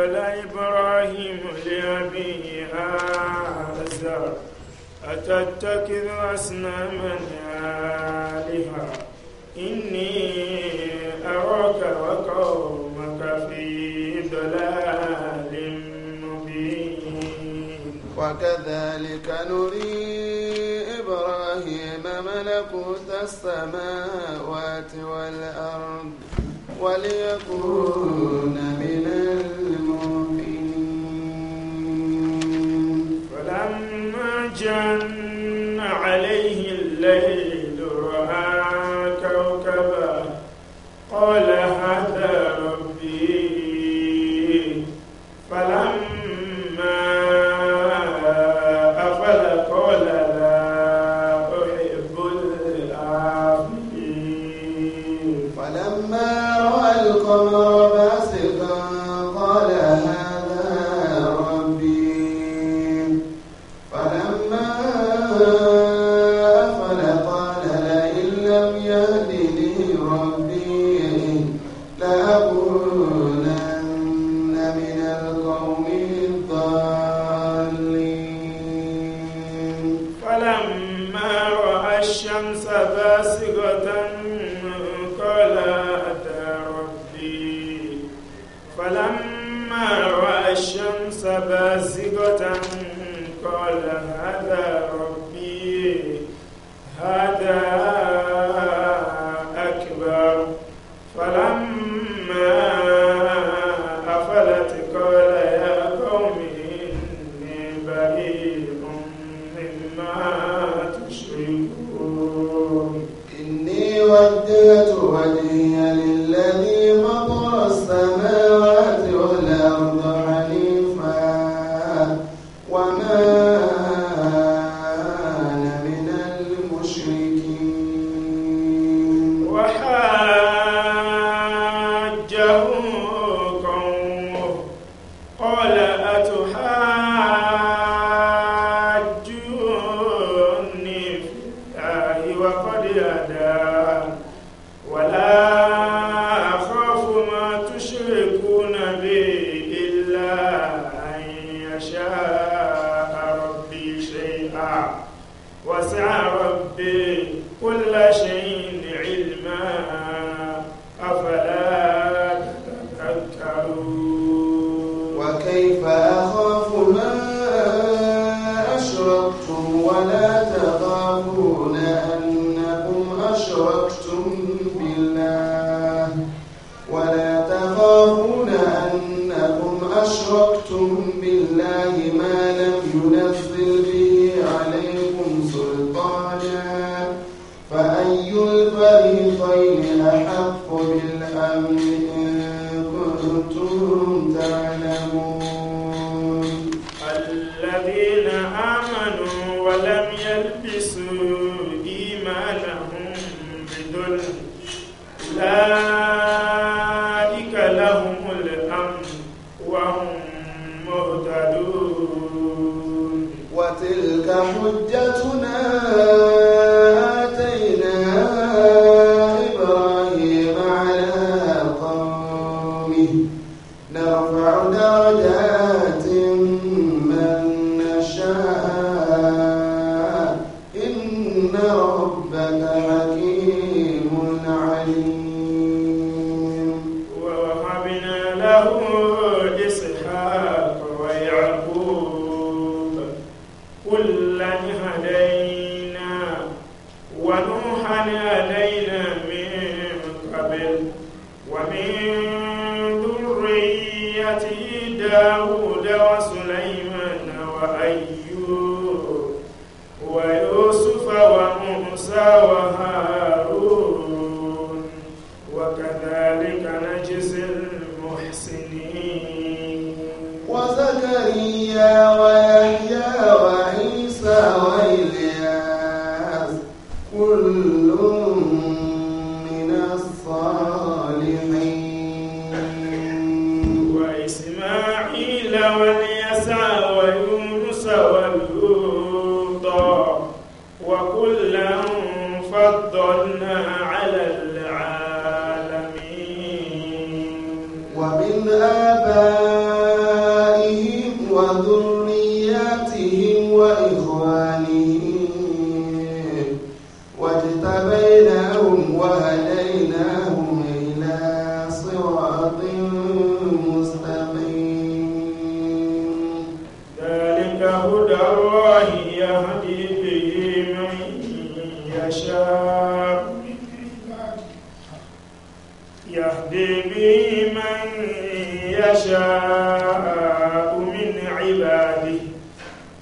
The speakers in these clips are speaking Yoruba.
قال إبراهيم لأبيه آزر أتتخذ أصناما آلهة إني أراك وقومك في ضلال مبين وكذلك نري إبراهيم ملكوت السماوات والأرض وليكون Olha, الفريقين أحق بالأمن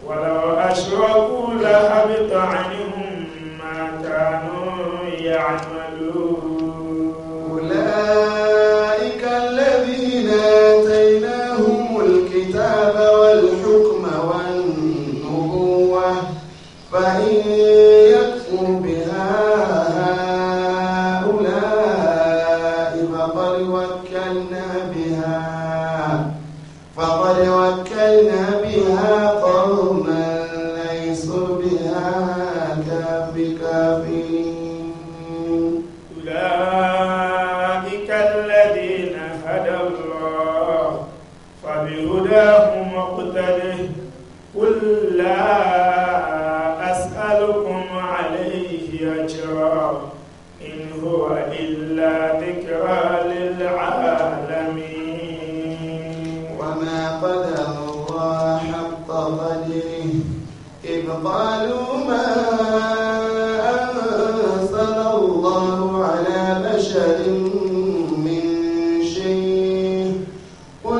ولو أشركوا لحبط عنهم ما كانوا يعملون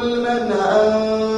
ظلما أن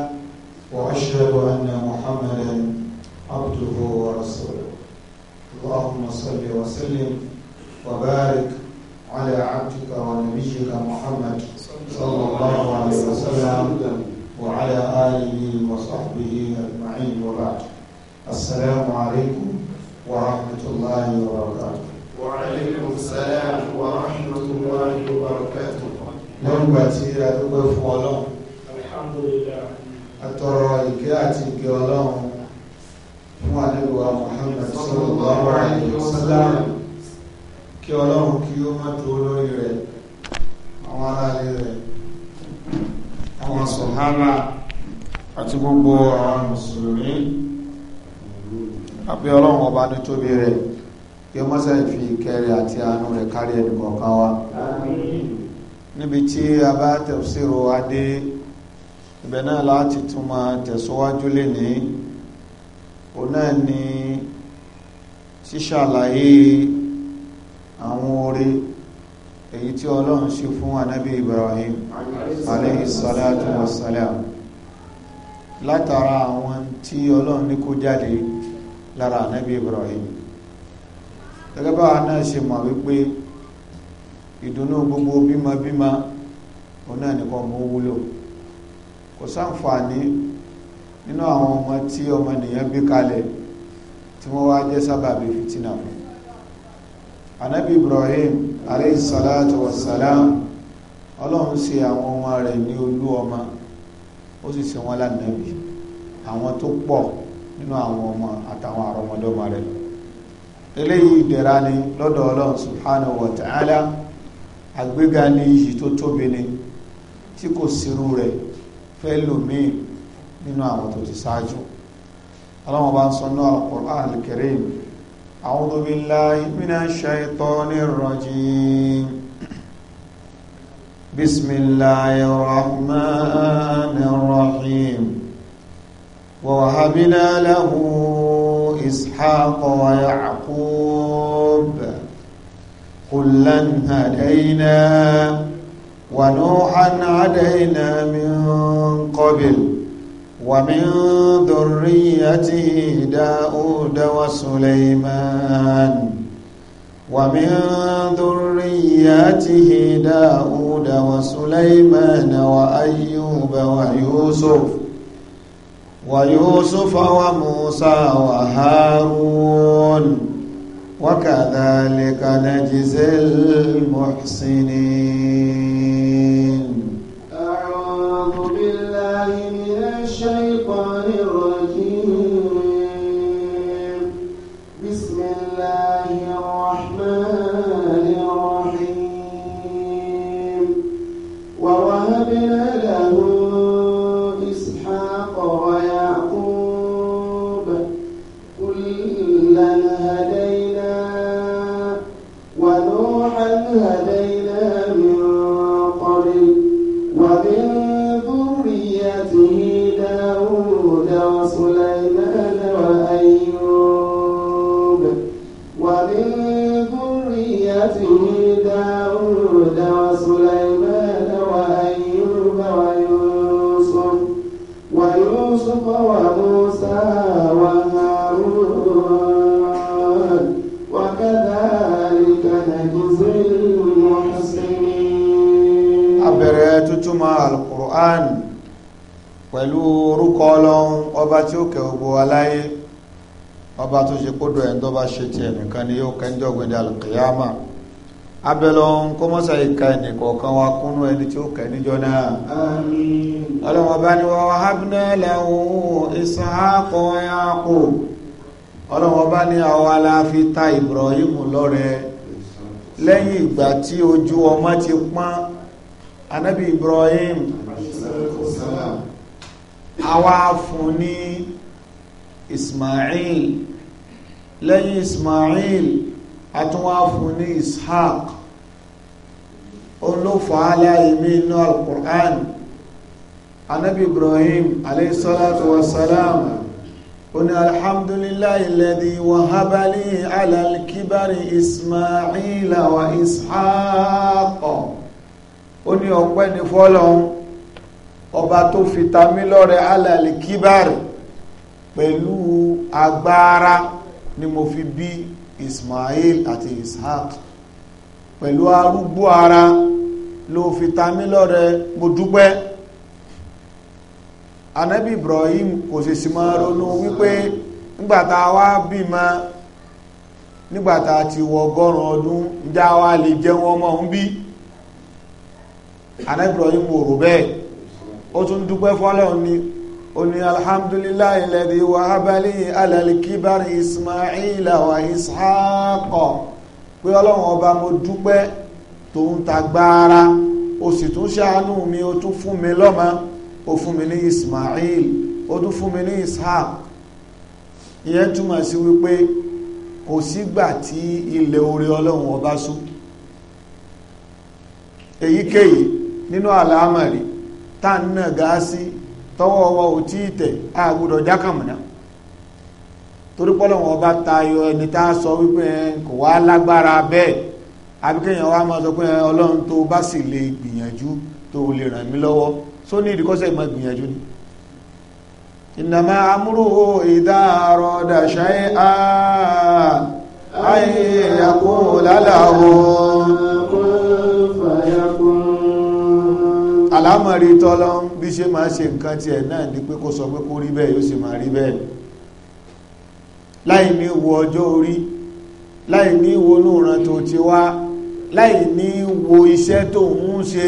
واشهد ان محمدا عبده ورسوله اللهم صل وسلم وبارك على عبدك ونبيك محمد صلى الله عليه وسلم وعلى اله وصحبه اجمعين وبعد السلام عليكم ورحمه الله وبركاته وعليكم السلام ورحمه الله وبركاته لو باتي دوبه الحمد لله atọrọ gị àti ìkẹ́ ọlọ́run fún ụwa Muhammad sallallahu alaihi wasallam kí ọlọ́run kí ó má tó lórí rẹ̀ àwọn aráalé rẹ̀ àwọn sọ̀hábà àti gbogbo àwọn mùsùlùmí àbí ọlọ́run ọba ní tóbi rẹ̀ kí ó mọ́sẹ̀ fi ìkẹ́ rẹ̀ àti àánú rẹ̀ kárí ẹnì kọ̀ọ̀kan wa níbi tí a bá tafsiru adé ibẹ̀ náà láti tún máa tẹ̀síwájú lénìí o náà ni ṣíṣàlàyé àwọn oore èyí tí ọlọ́run ṣe fún anábì Ibrahim alayhi salatu wassalam látara àwọn tí ọlọ́run ní kó jáde lára anábì Ibrahim gẹ́gẹ́ bá náà ṣe mọ̀ wípé ìdùnnú gbogbo bímọ bímọ o náà nìkan mú wúlò kò sáǹfààní nínú àwọn ọmọ tí ọmọ nìyàn bí kalẹ̀ tí wọ́n wá jẹ́ sábàbí fìtínà fún anabi ibrahim aleyhisalatu wasalam ọlọ́run ṣe àwọn ọmọ rẹ̀ ní olú ọmọ ó sì ṣe wọn lánàbí àwọn tó pọ̀ nínú àwọn ọmọ àtàwọn àrọmọdọ́mọ rẹ̀ eléyìí ìdẹ̀ra ni lọ́dọ̀ ọlọ́run subhanahu wa ta'ala àgbéga ní iyì tó tóbi ni tí kò sírú rẹ̀ fẹ́lòmíì nínú àwọn tó ti ṣáájú ọlọ́wọ́n bá ń sọ náà Al-Qur'an Al-Karim A'udhu billahi minash shaitonir rajim Bismillahir rahmanir rahim wa wahabna lahu Ishaqa wa Ya'qub kullan hadayna ونوحا هدينا من قبل ومن ذريته داود وسليمان ومن ذريته داود وسليمان وأيوب ويوسف ويوسف وموسى وهارون وكذلك نجزي المحسنين أعوذ بالله من الشيطان الرجيم بسم الله Al-Qur'an pẹ̀lú orúkọ ọlọ́run ọba tí ó kẹ gbogbo aláyé ọba tó ṣe kódò ẹ̀ ń dọ́ba ṣe tiẹ̀ nìkan ni yóò kẹ́ńjọ́ gbẹ̀dẹ̀ alùkìyàmà abẹ́lọ́run kó mọ́sà ìka ẹnìkọ̀ọ̀kan wa kúnú ẹni tí ó kẹ́ níjọ́ náà ọlọ́run ọba ni wa wahabna lahu Ishaqa wa Yaqub ọlọ́run ọba ni àwa la fi ta Ibrahim lọ́rẹ lẹ́yìn ìgbà tí ojú ọmọ ti pọ́n anábì Ibrahim àwa fún ní Ismail lẹ́yìn Ismail àtúnwá fún ní Ishaq olófà aláìmí inú al-Qur'an anabi Ibrahim alayhi salatu wassalam oní alhamdulillahi alladhi wahaba li ala Ismaila wa Ishaq oní ọpẹ́ ní fọ́lọ́hún ọba tó fi ta ala kíbàrì pẹ̀lú agbára ni mo fi bí Ismail àti Ishaq pẹ̀lú arúgbó ara ló fi ta mo dúpẹ́ anabi Ibrahim kò sì máa ronú wípé nígbàtà wá bímọ nígbàtà ti wọ ó tún dúpẹ́ fọ́lọ́run ni ó ní alhamdulillahi alladhi wahabali alalikibari ismaila wa ishaqa pé ọlọ́run ọba mo dúpẹ́ tó ń ta gbára ó sì tún ṣàánú mi ó tún fún mi lọ́mọ ó fún mi ní ismail ó tún fún mi ní ishaq ìyẹn túmọ̀ sí wípé kò sígbà tí ilẹ̀ orí ọlọ́run ọba sùn èyíkéyìí nínú àlámọ̀rí tá ń nà gáásí tọwọ́ wa ò tí ì tẹ̀ á gbọ́dọ̀ jákàmùnà torí pọ́lọ́wọ́n ọba tayọ ẹni tá a sọ wípé kò wá lágbára bẹ́ẹ̀ abíkẹ́yìn wa máa sọ pé ọlọ́run tó bá sì lè gbìyànjú tó lè ràn mí lọ́wọ́ só ní ìdíkọ́sẹ̀ máa gbìyànjú ni ìnàmà amúrúhó ìdáàrọ̀ dàṣáyé àà ayé àkó àlámọ̀rí tọ́lọ́ bí ṣe máa ṣe nǹkan tiẹ̀ náà ní pé kó sọ pé kó rí bẹ́ẹ̀ yóò sì máa rí bẹ́ẹ̀ láì ní wo ọjọ́ orí láì ní wo núran tó ti wá láì ní wo iṣẹ́ tó ń ṣe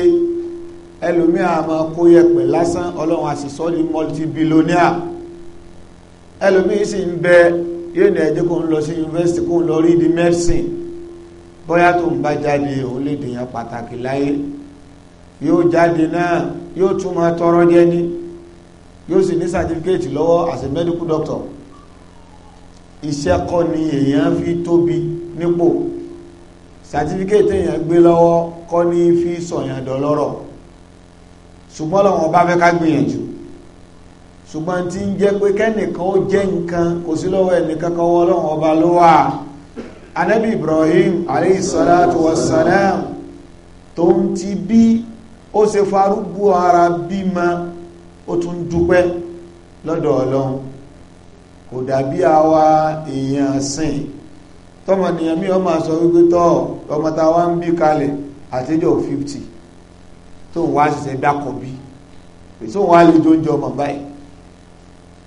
ẹlòmí àmọ́ kó yẹpẹ̀ lásán ọlọ́run àṣìṣọ́ ní multibillionaire ẹlòmí sì ń bẹ yóò ní ẹjẹ́ kó ń lọ sí yunifásitì kó ń lọ rí di medicine bóyá tó ń bá jáde òun lè dèèyàn pàtàkì láyé yóò jáde náà yóò tún máa tọrọ jẹ ní yóò sì ní certificate lọ́wọ́ as a medical doctor iṣẹ́ kọ́ ni èèyàn fi tóbi nípò certificate èèyàn gbé lọ́wọ́ kọ́ ní fi sọ̀yàn dọ̀lọ́rọ̀ ṣùgbọ́n lọ́wọ́ bá fẹ́ ká gbìyànjú ṣùgbọ́n tí ń jẹ́ pé kẹ́nìkan ó jẹ́ nǹkan kò sí lọ́wọ́ ẹnìkan kan wọ́n lọ́wọ́ ọba ló wà anabi Ibrahim aleyhisalatu wasalam tó ń ti bí ó ṣe farúgbó ara bímọ ó tún dúpẹ́ lọ́dọ̀ ọlọ́run kò dàbí àwa èèyàn sìn tọmọnìyàn mi ọmọ sọ wípé tọ́ ọmọ tá ń bí kalẹ̀ àtijọ́ fifty tó ń wá ṣiṣẹ́ dákọ̀ bí tó ń wá lè jọ oúnjẹ ọmọ báyìí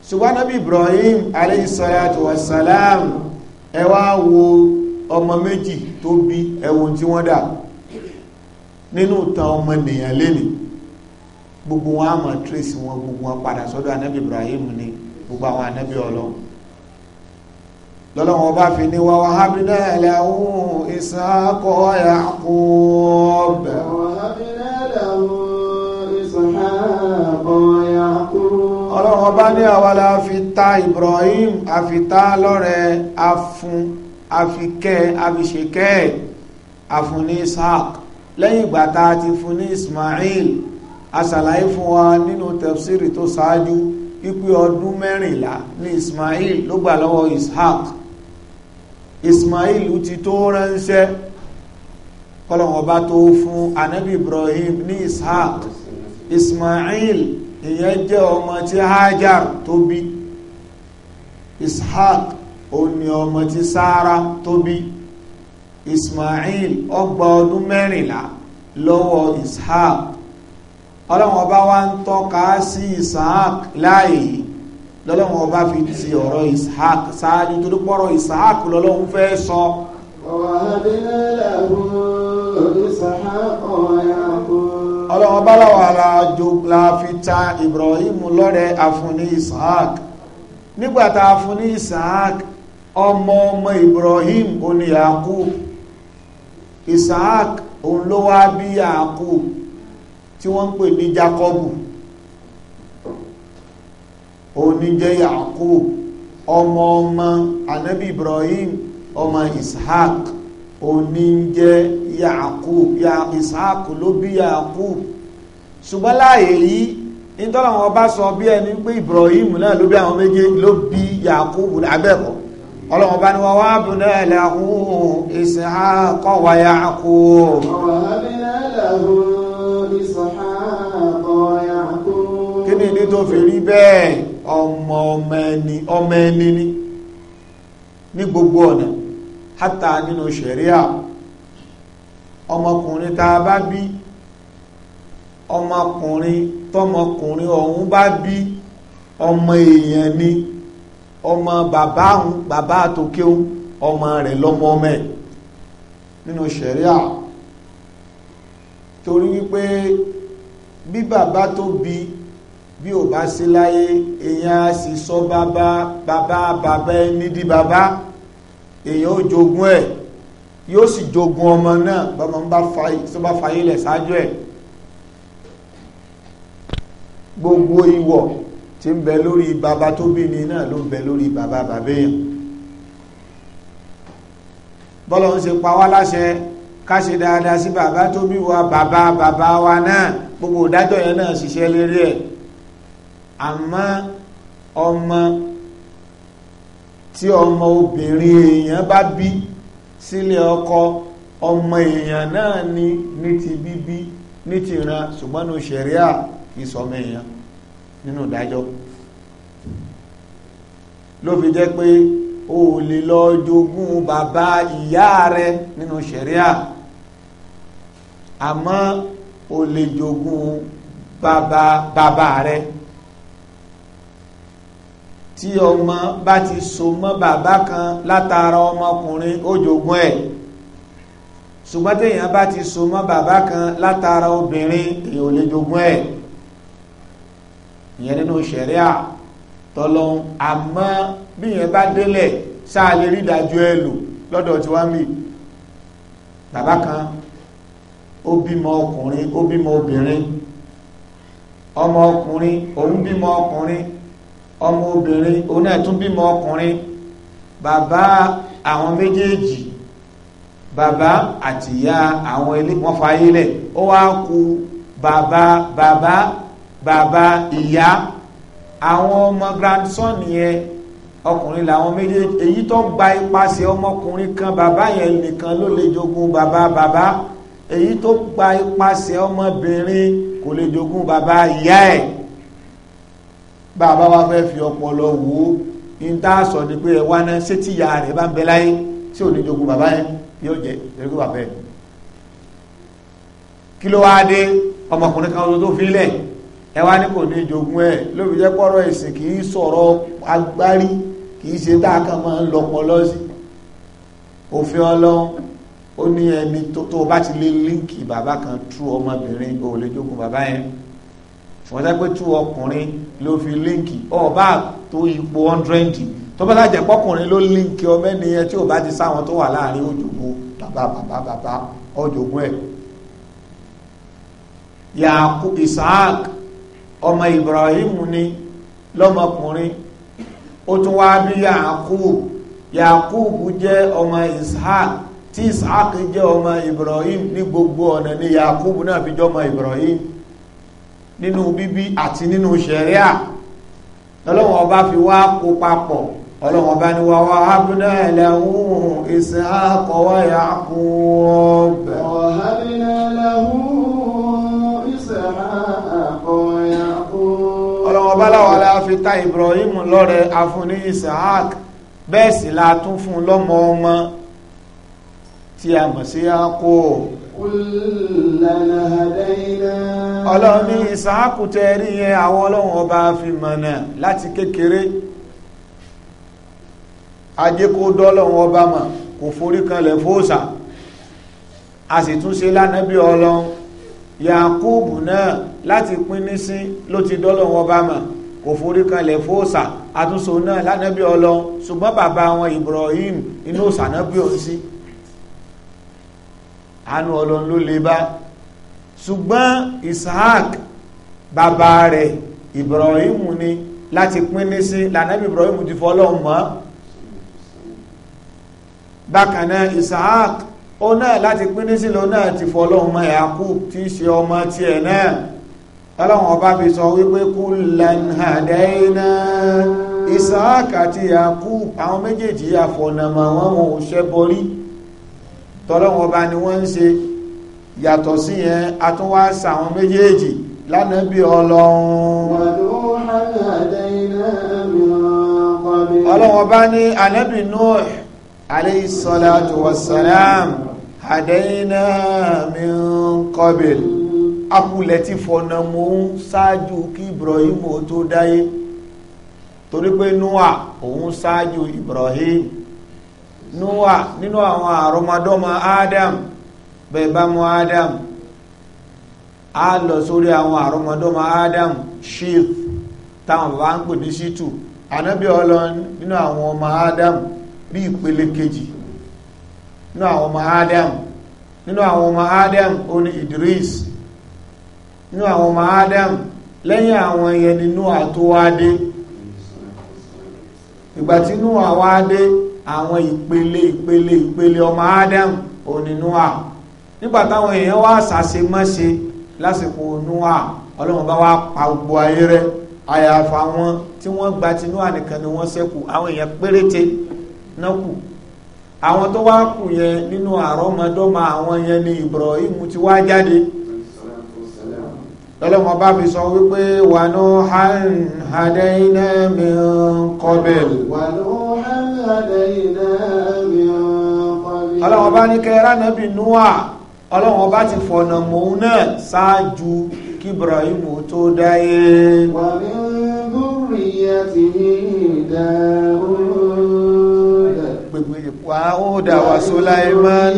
ṣùgbọ́n Ibrahim alayhi salatu wassalam ẹ wá wo ọmọ méjì tó bí ẹ̀wọ̀n tí wọ́n dà nínú ìtàn ọmọ ènìyàn lẹ́nu gbogbo wọn àmọ́ trace wọn gbogbo wọn padà sọ́dọ̀ anabi ibrahim ni gbogbo àwọn anabi ọlọ́run lọ́lọ́wọ́n bá fi ní wàwà hábínà lahu ìsáàkọ́ Yaqub ọlọ́wọ́n bá ní àwàlá fi Ibrahim afita lọ́rẹ̀ afun afikẹ́ afiṣekẹ́ afun ní Isaac lẹ́yìn ìgbà tá a ti fún ní Ismail asàlàyé fún wa nínú tafsiri tó ṣáájú ipe ọdún mẹ́rìnlá ní Ismail ló gbà lọ́wọ́ Ishaq Ismail ti tó ránṣẹ́ kọlọ̀wọ̀n bá tó fún anabi Ibrahim ní Ishaq Ismail ìyẹn jẹ́ ọmọ tí Hajar tó bí Ishaq òun ni ọmọ tí Sara tó bí ismail ọgbà ọdún mẹ́rìnlá lọ́wọ́ ishaq ọlọ́run ọba wa ń tọ́ka sí ishaq láàyè lọ́lọ́run ọba fi ti ọ̀rọ̀ ishaq ṣáájú torí pọ́rọ̀ ishaq lọ́lọ́run fẹ́ sọ. ọlọ́run ọba láwa la fi ta ibrahim lọ́rẹ àfúnni ishaq nígbà tá a fún ní ishaq ọmọ ọmọ ibrahim oníyàkú Isaac òun ló wá bí Yakub tí wọ́n ń pè ní Jacobu òun ní jẹ́ Yakub ọmọ ọmọ anabi Ibrahim ọmọ Isaac òun ní jẹ́ Yakub ya Isaac ló bí Yakub ṣùgbọ́n láàyè yìí nítorí àwọn ọba sọ bí ẹni pé Ibrahim náà ló bí àwọn méjèèjì ló bí Yakub abẹ́kọ̀ọ́ ọlọ́run bá ní wọ́n wá bùnà lahu Ishaqa wa Ya'qub kí ni ní tó fi rí bẹ́ẹ̀ ọmọ ọmọ ẹni ni ní gbogbo ọ̀nà hátà nínú ṣẹ̀ríà ọmọkùnrin tá a bá bí ọmọkùnrin tọmọkùnrin ọ̀hún bá bí ọmọ èèyàn ni ọmọ bàbá òun bàbá àtòkè òun ọmọ rẹ̀ lọ́mọ ọmọ ẹ̀ nínú ṣẹ̀ríà torí wípé bí bàbá tó bí bí ò bá sí láyé èèyàn á sì sọ bàbá bàbá bàbá ẹni di bàbá èèyàn ó jogún ẹ̀ yóò sì jogun ọmọ náà bọ́mọ bá fàyè tó bá fàyè lẹ̀ ṣáájú ẹ̀ gbogbo ìwọ̀ tí ń bẹ lórí bàbá tó bí ni náà ló ń bẹ lórí baba bàbá èèyàn ń ṣe pa wá láṣẹ ká ṣe dáadáa sí bàbá tó bí wa baba baba wa náà gbogbo ìdájọ́ yẹn náà ṣiṣẹ́ lérí ẹ̀ àmọ́ ọmọ tí ọmọ obìnrin èèyàn bá bí sílé ọkọ ọmọ èèyàn náà ni ní ti bíbí ní ti ran ṣùgbọ́n ní ṣẹ̀ríà ìsọmọ èèyàn nínú ìdájọ́ ló fi jẹ́ pé o lè lọ jogún bàbá ìyá rẹ nínú ṣẹ̀ríà àmọ́ o lè jogún bàbá bàbá rẹ tí ọmọ bá ti so mọ́ bàbá kan látara ọmọkùnrin ó jogún ẹ̀ ṣùgbọ́n téèyàn bá ti so mọ́ bàbá kan látara obìnrin èèyàn ò lè jogún ẹ̀ ìyẹn nínú ṣẹ̀ríà tọ́lọ́hún àmọ́ bí yẹn bá délẹ̀ sáà lè rí ìdájọ́ ẹ lò lọ́dọ̀ tí wá mì bàbá kan ó bímọ ọkùnrin ó bímọ obìnrin ọmọ ọkùnrin òun bímọ ọkùnrin ọmọ obìnrin òun náà tún bímọ ọkùnrin bàbá àwọn méjèèjì bàbá àtìyá àwọn ilé wọn fayé lẹ̀ ó wá kù bàbá bàbá bàbá ìyá àwọn ọmọ grandson yẹn ọkùnrin làwọn méjèèjì èyí tó gba ipasẹ̀ ọmọkùnrin kan bàbá yẹn nìkan ló lè jogún bàbá bàbá èyí tó gba ipasẹ̀ ọmọbìnrin kò lè jogún bàbá ìyá ẹ̀ bàbá wa fẹ́ fi ọpọlọ wò ó n ta sọ ni pé ẹ wá náà ṣé tí ìyá rẹ̀ bá ń bẹ láyé ṣé ò ní jogún bàbá yẹn yóò jẹ ìrẹ́gbẹ́ bàbá kí ló wáá dé ọmọkùnrin kan tó fi lẹ̀ ẹ wá ní kò ní jogún ẹ ló fi jẹ́ pọ́rọ̀ ẹ̀sìn kì í sọ̀rọ̀ agbárí kì í ṣe tá a kàn máa ń lọ́pọ̀ lọ́sí òfin ọlọ́run ó ní ẹni tó tó bá ti lé líǹkì bàbá kan tú ọmọbìnrin ò lè jogún bàbá yẹn wọ́n sẹ́ pé tú ọkùnrin ló fi líǹkì ọba tó ipò hundred tó bá lájẹ̀ pọ́kùnrin ló líǹkì ọmọ ènìyàn tí ò bá ti sáwọn tó wà láàrin òjòkó bàbá bàbá bàbá ọjọ́gún ẹ̀ yàkú Isaac ọmọ Ibrahim ni lọ́mọkùnrin ó tún wá bí Yakub Yakub jẹ́ ọmọ Ishaq tí Ishaq jẹ́ ọmọ Ibrahim ní gbogbo ọ̀nà ni Yakub náà fi jọmọ Ibrahim nínú bíbí àti nínú ṣẹ̀ríà lọ́lọ́wọ́n ọba fi wá kó papọ̀ ọlọ́wọ́n ọba ni wà wá hábínà ẹ̀lẹ́hùn Ishaq wa Yakub ọba láwa la fi ta Ibrahim lọ́rẹ afúnni Isaac bẹ́ẹ̀ sì la tún fún lọ́mọ ọmọ tí a mọ̀ sí akó ọlọ́run ní Isaac tẹ́rí yẹn àwọn ọlọ́run ọba fi mọ̀nà láti kékeré ajé kó dọ́lọ́run ọba mọ̀ kò forí kanlẹ̀ fóòsà a sì tún ṣe lánàbí ọlọ́run yakubu náà láti pín nísìn ló ti dọ́lọ̀ wọn bá mà kò forí kanlẹ̀ fóòsà àtúnṣe náà lánàbí ọlọ́run ṣùgbọ́n bàbá wọn ibrahim inú òsànàbí òun sí àánú ọlọ́run ló lè bá ṣùgbọ́n isaac bàbá rẹ̀ ibrahim ni láti pín ní sí lànàbí ibrahim ti fọ́ ọlọ́run mọ́ bákan náà isaac ó náà láti pín nísì ló náà ti fọ ọlọ́run mọ́ yakub tí í ṣe ọmọ tiẹ̀ náà ọlọ́run ọba fi sọ wípé kullan hadaina isaac àti yakub àwọn méjèèjì àfọ̀nàmọ̀ wọn wọn ò ṣẹ́bọrí tọ́lọ́run ọba ni wọ́n ń ṣe yàtọ̀ sí yẹn a tún méjèèjì lánàá bí ọlọ́run ọlọ́run ọba ní ànábì Nuh عليه الصلاة والسلام هدينا من قبل apulẹ̀ ti fọ̀nà mú ṣáájú kí Ibrahim ó tó dáyé torí pé Noah òun ṣáájú Ibrahim Noah nínú àwọn àrọmọdọ́mọ Adam bẹ́ẹ̀ bá mú Adam á lọ sórí àwọn àrọmọdọ́mọ Adam Sheth táwọn bá ń pè ní Shitu ànábì ọlọ́run nínú àwọn ọmọ Adam rí ìpele kejì nínú àwọn ọmọ Adam nínú àwọn ọmọ Adam ó ní Idris nínú àwọn ọmọ Adam lẹ́yìn àwọn yẹn ni Nóà tó wá dé ìgbà tí Nóà wá dé àwọn ìpele ìpele ìpele ọmọ Adam ó ní Nóà nígbà táwọn èèyàn wá sàṣe mọ́ṣe lásìkò Nóà ọlọ́run bá wá pa gbogbo ayé rẹ̀ àyàfà wọn tí wọ́n gba tinú ànìkan ni wọ́n ṣẹ́kù àwọn èèyàn péréte náà kù àwọn tó wá kù yẹn nínú àrọ́mọdọ́mọ àwọn yẹn ni Ibrahim ti wá jáde lọ́lọ́mọ bá fi sọ wípé wà ní hàn hadaina min qabl ọlọ́wọ́n bá ní kẹrà náàbì núwà ọlọ́wọ́n bá ti fọ̀nà mòun náà ṣáájú kí Ibrahim tó dáyé wà ní búrìyà ti ní ìdáhùn Dawud wa Sulaiman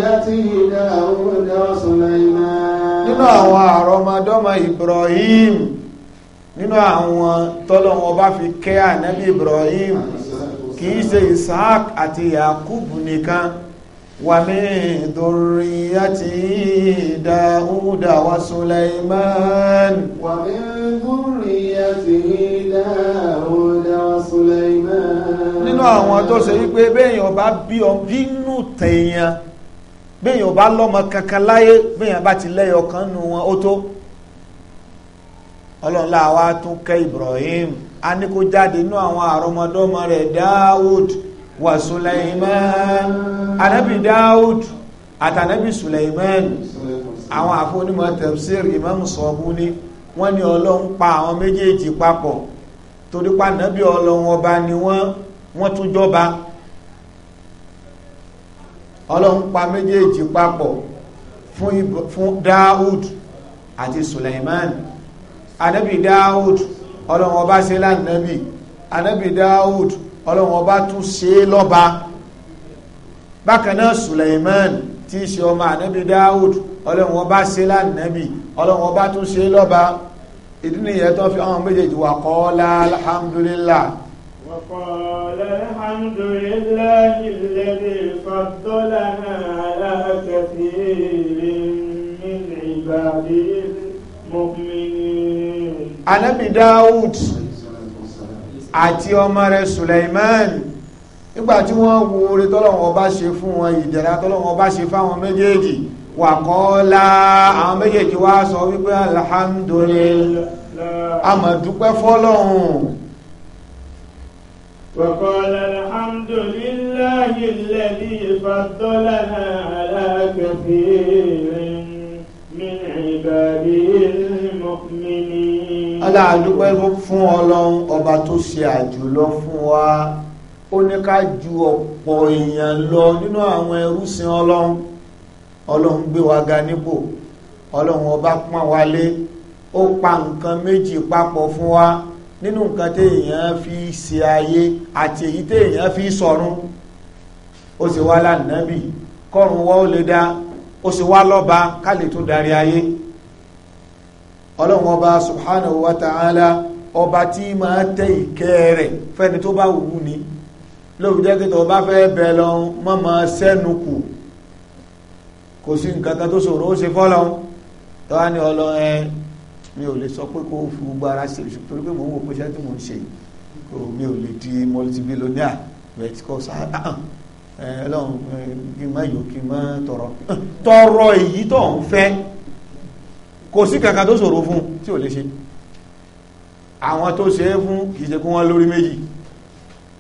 nínú àwọn àrọmọdọ́mọ Ibrahim nínú àwọn tọ́lọ́wọ́ bá fi kẹ́ ànábì Ibrahim kìí ṣe Isaac àti Yakub nìkan Wa ذريته داود وسليمان ومن ذريته Wa وسليمان nínú àwọn tó ṣe wípé béèyàn bá bí ọ bínú tèèyàn béèyàn bá lọ́mọ kankan láyé béèyàn bá ti lẹ́yọ kan nù wọn ó tó ọlọ́run láwa tún kẹ́ Ibrahim a ní kó jáde nínú àwọn àrọmọdọ́mọ rẹ̀ Dáúdù wa Sulaiman anabi Dawud àtànabi Sulaiman àwọn àfọnímọ̀ tafsir Imam Sabuni wọ́n ní ọlọ́run pa àwọn méjèèjì papọ̀ torí pa nàbí ọlọ́run ọba ni wọ́n wọ́n tún jọba ọlọ́run pa méjèèjì papọ̀ fún Dawud àti Sulaiman anabi Dawud ọlọ́run ọba ṣe lánàbì anabi Dawud ọlọ́run ọba tún ṣe é lọ́ba bákan náà Suleiman tí í ṣe ọmọ ànábì Dáúd ọlọ́run ọba ṣe lánàbì ọlọ́run ọba tún ṣe é lọ́ba ìdí nìyẹn tó fi àwọn méjèèjì wà qala alhamdulillah. وقال الحمد لله الذي فضلنا على كثير من عباده المؤمنين. Ànábì Dáúd àti ọmọ rẹ̀ Suleiman nígbà tí wọ́n wo oore tọ́lọ́wọ́n bá ṣe fún wọn ìdẹ̀ra tọ́lọ́wọ́n bá ṣe fáwọn méjèèjì wàkọ́ọ́lá àwọn méjèèjì wá sọ wípé alhamdulillah amọ̀dúpẹ́ fọ́lọ́hun وقال الحمد لله الذي فضلنا على ọlá àdúpẹ́ fún ọlọ́run ọba tó ṣe àjùlọ fún wa ó ní ká ju ọ̀pọ̀ èèyàn lọ nínú àwọn ẹrúsìn ọlọ́run ọlọ́run gbé wa ga nípò ọlọ́run ọba pọ́n wa lé ó pa nǹkan méjì papọ̀ fún wa nínú nǹkan téèyàn fi ṣe ayé àti èyí téèyàn fi sọ̀run ó sì wá lánàá bì kọ́run wa ó lè dá ó sì wá lọ́ba ká lè tún darí ayé ọlọ́run ọba subhanahu wa ta'ala ọba tí máa tẹ ìkẹ́ rẹ̀ fẹ́ni tó bá wù ní lóbi jẹ́ kíntàn ọba fẹ́ bẹ̀ lọ mọ́ máa sẹ́nu kù kò sí nǹkan kan tó ṣòro ó ṣe fọ́lọ́ tọ́wá ní ọlọ́run ẹ mi ò lè sọ pé kó fi gbogbo ara ṣe torí pé mò ń wò pé iṣẹ́ tí mò ń ṣe kò mi ò lè di multimillionaire bẹ̀tí ah, ah, kò sáà ọlọ́run kí n má yọ kí n má tọrọ tọrọ èyí tó ń fẹ́ kò sí kankan tó ṣòro fún tí ò lè ṣe àwọn tó ṣe é fún kì í ṣe kó wọ́n lórí méjì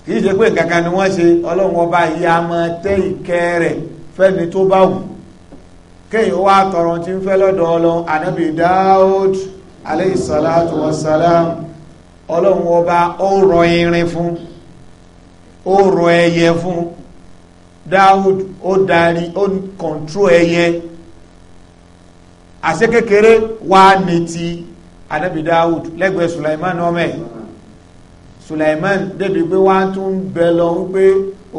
kì í ṣe pé kankan ni wọ́n ṣe ọlọ́run ọba ìyá máa tẹ́ ìkẹ́ rẹ̀ fẹ́ni tó bá wù kéèyàn wá tọrọ tí ń fẹ́ lọ́dọ̀ ọlọ́run ànábì Dáúd alayhi salatu wassalam ọlọ́run ọba ó rọ irin fún ó rọ ẹyẹ fún Dáúd ó darí ó kọ̀ntró ẹyẹ àṣẹ kékeré wà ní ti anabi dawud lẹ́gbẹ̀ẹ́ sulaiman ọmọ ẹ̀ sulaiman débi pé wá tún bẹ lọ wípé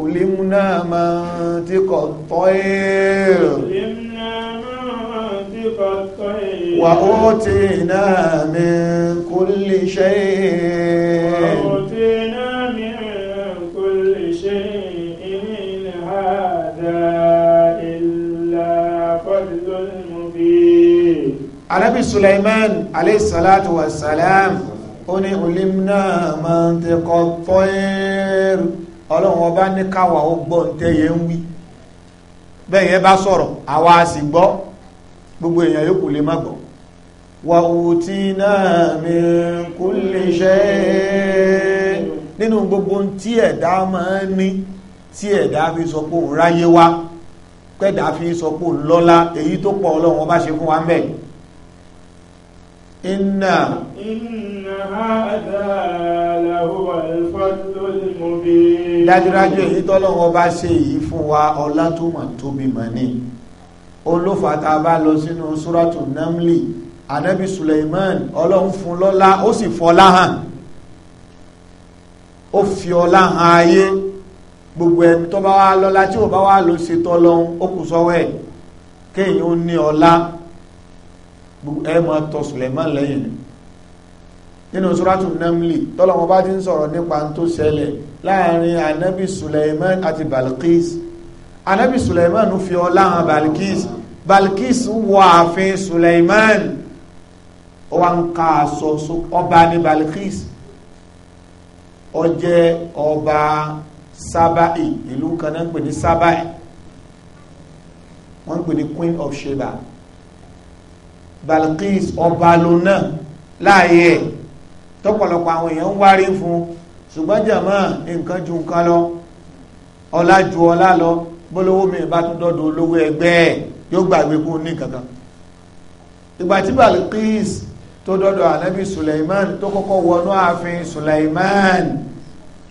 olímúná máa ti kọ̀ tọ́ èrò wà ó ti náà min kulli shay. anabi suleiman aleyhisalatu wasalam ó ní olimna mantiqa tayr ọlọ́run ọba ní káwa ó gbọ́ ntẹ́yẹ ń wí bẹ́ẹ̀ yẹn bá sọ̀rọ̀ àwa a sì gbọ́ gbogbo èèyàn yòókù lè má gbọ́ wa utina min kulli shay nínú gbogbo tí ẹ̀dá máa ń ní tí ẹ̀dá fi sọ pé òun ráyé wá pẹ̀dá fi sọ pé òun lọ́lá èyí tó pọ̀ ọlọ́run ọba ṣe wa mẹ́rin إن إن هذا لهو الفضل المبين dájúdájú èyí tọ́lọ́wọ́ bá ṣe yìí fún wa ọlá tó mà tóbi mà ní olófà tá a bá lọ sínú súrátù namli anabi suleiman ọlọ́run fún lọ́lá ó sì fọlá hàn ó fi ọlá hàn ayé gbogbo ẹni tó bá wá lọ́lá tí ò bá wá lọ ṣe tọ́lọ́run ó kù sọ́wọ́ ẹ̀ kéèyàn ó ní ọlá ẹ máa tọ Suleiman lẹ́yìn nínú suratu namli tọ́lọ́wọ́n bá ti ń sọ̀rọ̀ nípa tó ṣẹlẹ̀ láàrin anabi Suleiman àti Balqis anabi Suleiman fi ọlá hàn Balqis Balqis wọ ààfin Suleiman ó wá ń ka aṣọ ọba ní Balqis ó jẹ́ ọba sábàì ìlú kan náà ń pè ní sábàì wọ́n ń pè ní Queen of Sheba Balqis ọba lona láàyè ẹ̀ tọ́pọ̀lọpọ̀ àwọn èèyàn ń wárí fún ṣùgbọ́n jàmọ́ nǹkan ju nǹkan lọ ọlá ju ọlá lọ bólówó mi bá tún dọ́dọ̀ olówó ẹgbẹ́ ẹ̀ yóò gbàgbé kú ní kankan ìgbà tí Balqis tó dọ́dọ̀ ànábì Suleiman tó kọ́kọ́ wọnú ààfin Suleiman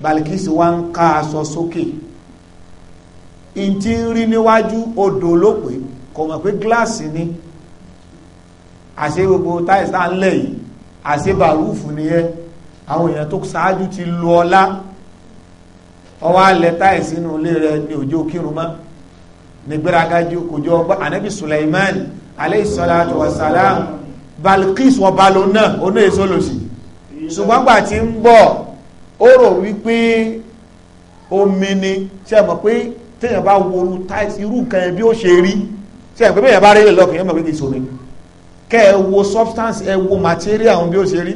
Balqis wá ń ká aṣọ sókè ìntí ń rí níwájú odò lópin kò mọ̀ pé gíláàsì ni àṣẹ gbogbo táìsá ńlẹ̀ yìí àṣẹ bàrúfù nìyẹn àwọn èèyàn tó ṣáájú ti lo ọlá ọwọ́ alẹ́ táìsí inú ilé rẹ ní òjò kírun mọ́ ní kò jọ ọgbà anabi Sulaiman aleyhi salatu wa salam Balqis wa balona oní èso lòsì ṣùgbọ́n gbà tí ń bọ̀ ó rò wípé omi ni ṣe mọ̀ pé téèyàn bá woru táìsí irú nǹkan ẹ̀ bí ó ṣe rí ṣe mọ̀ pé bẹ́ẹ̀ bá rí lọ́kàn yẹn mọ̀ pé kì í sọ ni kẹ́ ẹ wo substance ẹ wo material bí ó ṣe rí.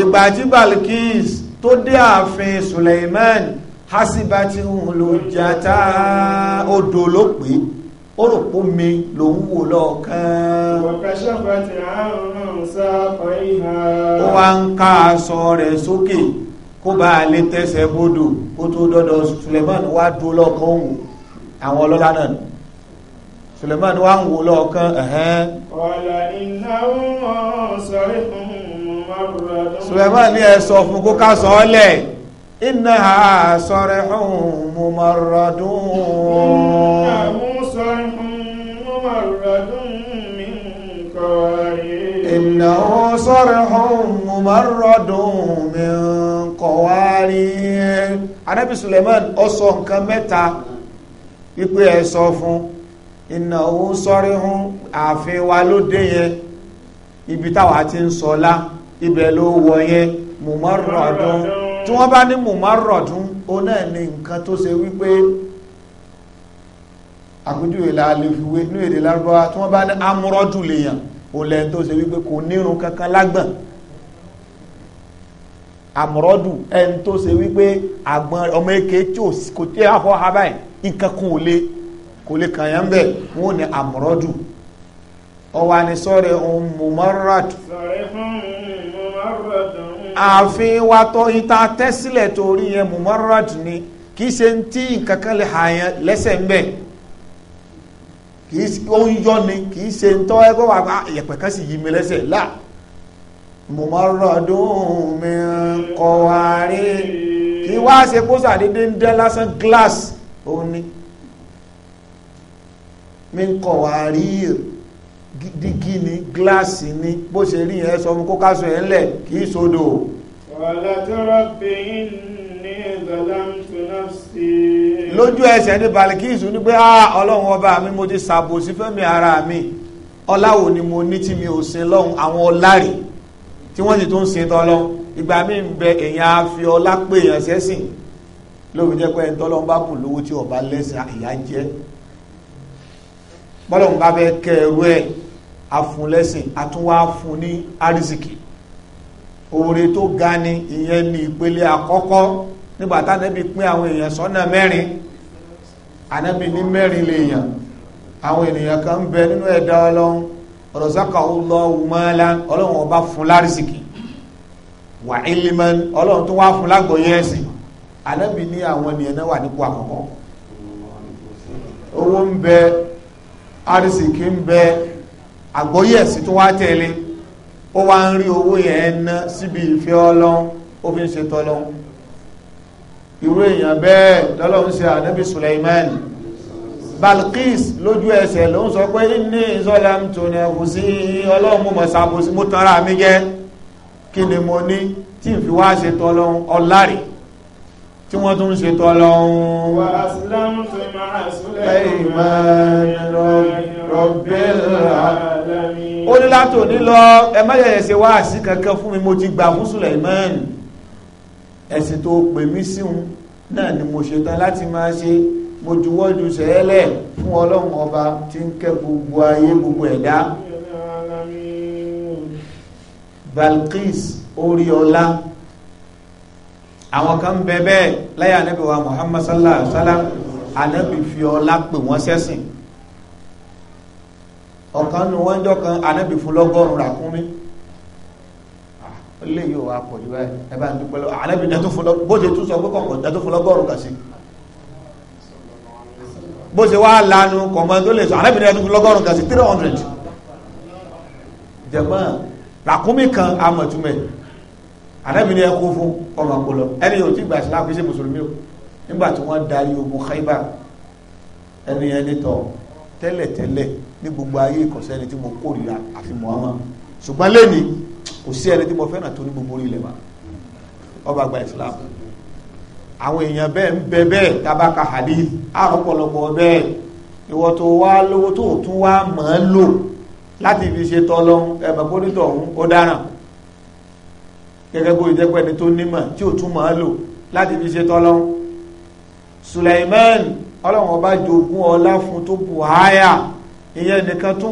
ìgbà tí Balkis tó dé ààfin Suleiman hasibati olùjata odò ló pè é ó rò pó mi lòún wò lọ́ọ̀kan. wàkàṣàfàtì àrùn sáfà ìhà. ó wá ń ká aṣọ rẹ̀ sókè kó bá a lè tẹ̀sẹ̀ bodò kó tó dọ́dọ̀ Suleiman wá dúró lọ́ọ̀kan òun àwọn ọlọ́lá náà nù Suleiman wa ń wo lọ́ọ̀kan ẹ̀hẹ́n. ọ̀la ìnáwó sọ̀rí fún Suleiman ní ẹ sọ fún kó ká sọ ọ́ lẹ̀ iná sọ̀rí fún mumaradun. ìnáwó sọ̀rí fún mumaradun mi kọ́ọ̀rì. إنه صرح ممرد من قوارير Ànábì Suleiman ó sọ nǹkan mẹ́ta wípé ẹ sọ fún iná òun sọ́rí hún ààfin wa ló dé yẹn ibi táwa ti ń sọlá ibẹ̀ ló wọ yẹn mùmọ́rọ̀dún tí wọ́n bá ní mùmọ́rọ̀dún ó náà ní nǹkan tó ṣe wípé àpèjúwe la lè fi wé ní èdè lárúbáwá tí wọ́n bá ní amúrọ́dù lèèyàn ò lẹ́yìn tó ṣe wípé kò nírun kankan lágbọ̀n àmọ́rọ́dù ẹni tó ṣe wípé àgbọn ọmọ èké tí ò kò tí àfọ ha báyìí nǹkan kan ò lè kò lè kàn yẹn bẹ́ẹ̀ wọn ò ní àmọ́rọ́dù ọwọ́ ni sọ́ọ̀rẹ́ ohun mumarrat. sọ̀rẹ́ fún mumarrat. ààfin wa tọ́ ìta tẹ́sílẹ̀ torí yẹn mumarrat ni kì í ṣe ń tí nǹkan kan lè hàn yẹn lẹ́sẹ̀ ń bẹ̀ kì í ṣe ń yọ ni kì í ṣe ń tọ́ ẹgbẹ́ wa ìyẹ̀pẹ̀ kan sì yí mi lẹ́sẹ̀ láà mọ̀mọ́rọ̀dún mi kọ̀ wá rí kí wá ṣe kó sàdédé ń dẹ́ lásán glass ó ní mi kọ̀ wá rí dígí ni gíláàsì ni bó ṣe rí yẹn sọ fún kó ká sọ yẹn lẹ̀ kì í sódò. wàhálà tó rọ́bì ní galamtu nafsi. lójú ẹsẹ̀ ní Balikisu ní pé ah, ọlọ́run ọba mi mo ti ṣàbòsí fẹ́mi ara mi ọláwo ni mo ní tí mi ò sin lọ́hùn àwọn ọlá rèé tí wọ́n sì tún ń sin tọ́lọ́ ìgbà míì ń bẹ èèyàn àfi ọlá pé èèyàn sẹ́sìn lóbi jẹ́ pé ẹni tọ́lọ́ ń bá kù lówó tí ọba lẹ́sìn ìyá ń jẹ́ bọ́lọ̀ ń bá fẹ́ kẹ́ ẹrú ẹ̀ afun lẹ́sìn àtúnwá fún ní àrísìkì oore tó ga ni ìyẹn ní ìpele àkọ́kọ́ nígbà tánẹ́bí pín àwọn èèyàn sọ́nà mẹ́rin ànẹ́bí ní mẹ́rin lèèyàn àwọn ènìyàn kan ń bẹ nínú ẹ̀dá ọlọ́run razaqahu Allahu malan ọlọ́run ọba fún lárísìkì wà ilman ọlọ́run tó wá fún lágbóyè ẹ̀sìn anábì ní àwọn ènìyàn náà wà nípò àkọ́kọ́ owó ń bẹ àrísìkì ń bẹ àgbóyè ẹ̀sìn tó wá tẹ̀lé ó wá ń rí owó yẹn ná síbi ìfẹ́ ọlọ́run ó fi ń ṣe tọ́lọ́run irú èèyàn bẹ́ẹ̀ lọ́lọ́run ṣe ànábì Sulaiman Balqis lójú ẹsẹ̀ ló ń sọ pé ní ìsọ́lá ń tóní ẹ̀kù sí ọlọ́run mọ̀ sàbò sí tanra mi jẹ́ kí ni mo ní tí n fi wá ṣe tọ́lọ́run ọ̀làrí tí wọ́n tún ṣe tọ́lọ́run. wà á sílámù tó ní lọ ẹ má yẹ̀yẹ̀ ṣe wá sí kankan fún mi mo ti gbà fún Sulaiman ẹ̀sìn tó pè mí síhun náà ni mo ṣetán láti máa ṣe mo juwọ́jú sẹ́ẹ̀lẹ̀ fún ọlọ́run ọba tí ń kẹ́ gbogbo ayé gbogbo ẹ̀dá Balqis orí ọlá àwọn kan bẹ bẹ́ẹ̀ láyé ànábì Muhammad sallallahu alaihi wa sallam ànábì fi ọlá pè wọ́n sẹ́sìn ọ̀kan nu wọ́n jọ kan ànábì fún lọ́gọ́rùn-ún ràkúnmí ó lè yóò wá pọ̀ jù báyìí ẹ bá ń dúpẹ́ lọ ànábì dẹ́tún fún lọ́gọ́rùn-ún kà sí bó ṣe wá lanu kọ̀mọ́ tó lè sọ arábìnrin ẹni lọ́gọ́rùn kan sí three hundred jẹ̀mọ́ ràkúnmí kan amọ̀túmẹ̀ arábìnrin ẹkú fún ọmọ àpòlọ ẹni yóò ti gbà sí láàfin ṣe mùsùlùmí o nígbà tí wọ́n darí ogun Khaybar ẹni ẹni tọ̀ tẹ́lẹ̀tẹ́lẹ̀ ní gbogbo ayé ìkọ̀sẹ́ni tí mo kórìíra àfi Muhammad ṣùgbọ́n lẹ́ni kò sí ẹni tí mo fẹ́ràn tó ní gbogbo orí ilẹ̀ wa ọba àgbà Islam àwọn èèyàn bẹ́ẹ̀ ń bẹ bẹ́ẹ̀ tabaka hadith àrọ́pọ̀lọpọ̀ bẹ́ẹ̀ ìwọ tó wá lówó tó tún wá mọ̀ ọ́ lò láti fi ṣe tọ́lọ́ ẹ̀mọ̀ pólítọ̀ ọ̀hún ó dáràn gẹ́gẹ́ bó ìjẹ́pẹ́ ni tó nímọ̀ tí ò tún mọ̀ ọ́ lò láti fi ṣe tọ́lọ́ Sulaiman ọlọ́run ọba jogún ọlá fún tó bù háyà ìyẹn nìkan tún